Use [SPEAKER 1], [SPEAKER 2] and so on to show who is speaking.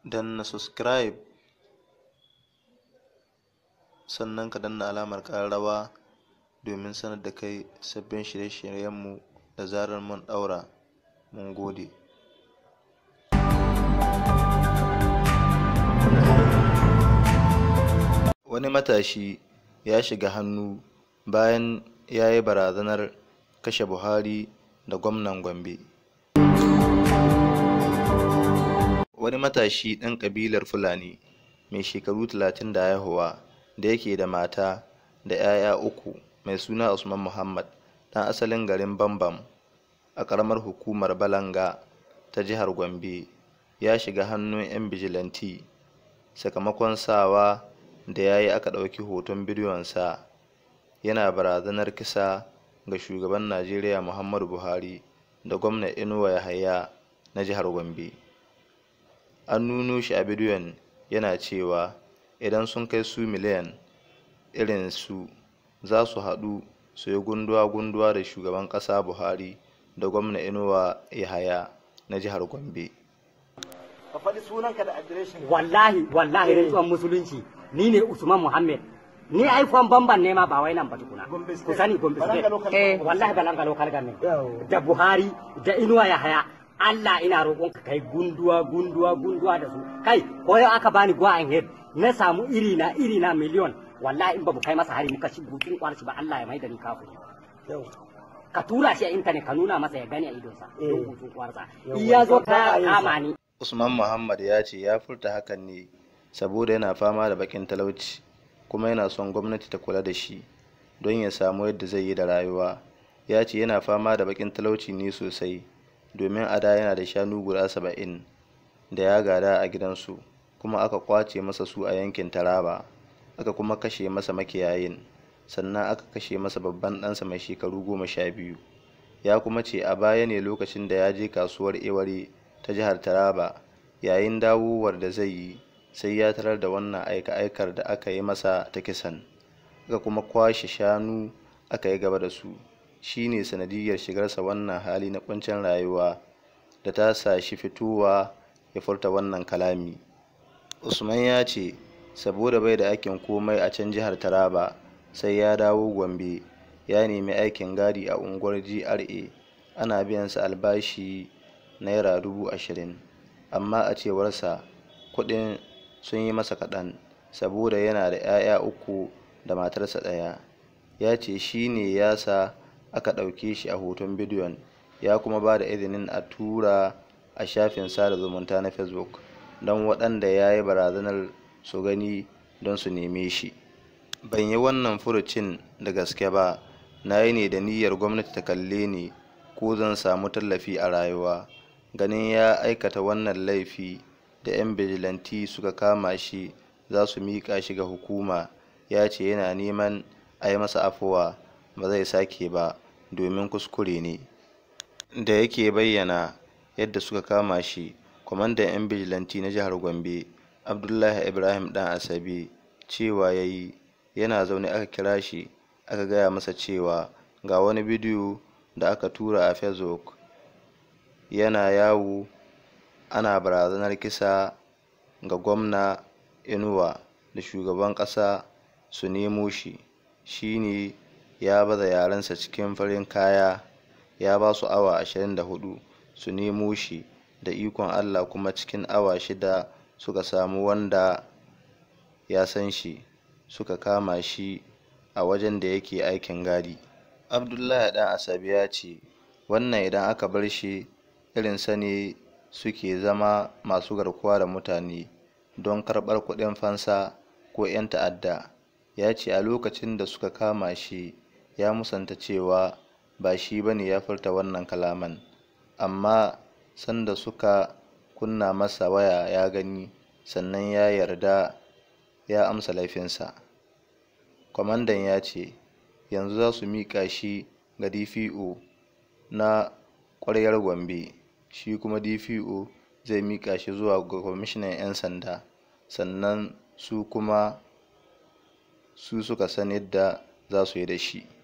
[SPEAKER 1] danna subscribe sannan ka danna alamar ƙararrawa domin sanar da kai sabbin shirye-shiryenmu da zarar mun ɗaura mun gode wani matashi ya shiga hannu bayan ya yi barazanar kashe buhari da gwamnan gombe wani matashi ɗan ƙabilar Fulani mai shekaru talatin da haihuwa da yake da mata da 'ya'ya uku mai suna Usman Muhammad ɗan asalin garin Bambam a ƙaramar hukumar Balanga ta jihar Gombe ya shiga hannun 'yan bijilanti sakamakon sawa da ya yi aka ɗauki hoton bidiyonsa yana barazanar kisa ga shugaban Najeriya Muhammadu Buhari da gwamna Inuwa Yahaya na jihar Gombe. an nuno shi a bidiyon yana cewa idan sun kai su miliyan irin su za su haɗu su yi gunduwa-gunduwa da shugaban ƙasa buhari da gwamna inuwa yahaya na jihar gombe wallahi wallahi rantsuwan musulunci ni ne usman muhammad ni ai kwan bamban ne ma ba wai nan ba tukuna ku sani gombe state eh wallahi balanga local government da buhari da inuwa yahaya Allah ina ka kai gunduwa gunduwa gunduwa da su kai ko yau aka bani gwa an head na samu iri na iri na miliyon wallahi in ba mu kai masa hari muka shi bukin kwarci ba Allah ya maida ni kafu ka tura shi a intanet ka nuna masa ya gani a idonsa eh. don bukin kwarsa iya zo ka kama ni Usman Muhammad ya ce ya furta hakan ne saboda yana fama da bakin talauci kuma yana son gwamnati ta kula da shi don ya samu yadda zai yi da rayuwa ya ce yana fama da bakin talauci ne sosai domin a da yana da shanu guda saba'in da ya gada a gidansu kuma aka kwace masa su a yankin taraba aka kuma kashe masa makiyayin sannan aka kashe masa babban ɗansa mai shekaru goma sha biyu ya kuma ce a baya ne lokacin da ya je kasuwar iwari ta jihar taraba yayin dawowar da zai yi sai ya tarar da wannan aika-aikar da aka yi masa ta kisan aka kuma kwashe shanu aka yi gaba da su Shi ne sanadiyar shigarsa wannan hali na kuncin rayuwa da ta sa shi fitowa ya furta wannan kalami usman ya ce saboda bai da aikin komai a can jihar taraba sai ya dawo gombe ya nemi aikin gadi a unguwar gra ana biyan sa albashi naira dubu ashirin amma a cewarsa kuɗin sun yi masa kaɗan saboda yana da 'ya'ya uku da matarsa ɗaya ya ce shi ne ya sa aka ɗauke shi a hoton bidiyon ya kuma ba da izinin a tura a shafin sada zumunta na facebook don waɗanda ya yi barazanar su gani don su neme shi ban yi wannan furucin da gaske ba na yi ne da niyyar gwamnati ta kalle ni ko zan samu tallafi a rayuwa ganin ya aikata wannan laifi da 'yan bijilanti suka kama shi za su miƙa shi ga hukuma ya ce yana neman a yi masa afuwa ba zai sake ba domin kuskure ne da yake bayyana yadda suka kama shi kwamandan 'yan bijilanti na jihar gombe abdullahi ibrahim dan asabe cewa ya yi yana zaune aka kira shi aka gaya masa cewa ga wani bidiyo da aka tura a facebook yana yawo ana barazanar kisa ga gwamna inuwa da shugaban ƙasa su nemo shi shi ne ya baza yarensa cikin farin kaya ya ba su awa 24 su nemo shi da ikon allah kuma cikin awa shida suka samu wanda ya san shi suka kama shi a wajen da yake aikin gadi abdullahi ɗan asabi ya ce wannan idan aka bar shi irin sani suke zama masu garkuwa da mutane don karɓar kuɗin fansa ko 'yan ta'adda ya ce a lokacin da suka kama shi ya musanta cewa ba shi ba ne ya furta wannan kalaman amma sanda suka kunna masa waya ya gani sannan ya yarda ya amsa laifinsa kwamandan ya ce yanzu za su miƙa shi ga dpo na ƙwaryar gombe shi kuma dpo zai miƙa shi zuwa ga kwamishinan 'yan sanda sannan su kuma su suka san yadda za su yi da shi